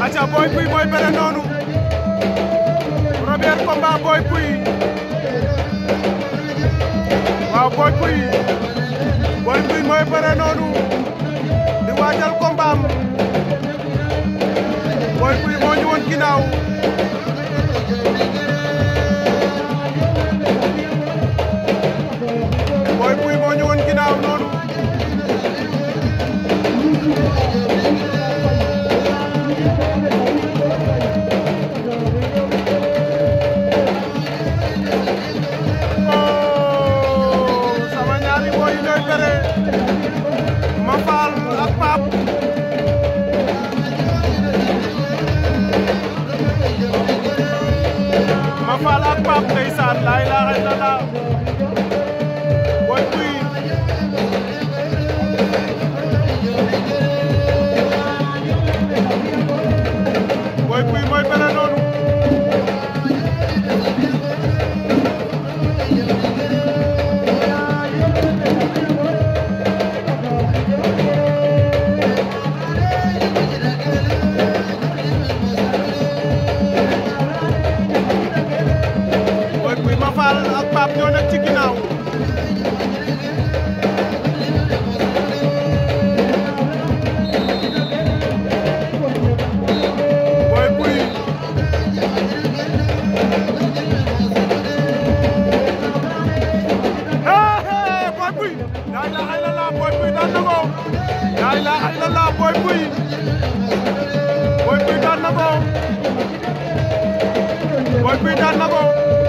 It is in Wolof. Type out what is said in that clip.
aca Boy Pouye mooy bëre noonu premier combat Boy Pouye waaw Boy Pouye Boy Pouye mooy bëre noonu di waajal combat am Ali mooy ma faal ak Paap ma faal ak Paap ndeysaan laa Pape ñoo nekk ci ginnaaw Boy Pouye hee hee Boy Pouye laa ilaaha illallaah Boy Pouye daan na ko laa ilaaha illallaah Boy Pouye Boy Pouye daan na ko Boy Pouye daan na ko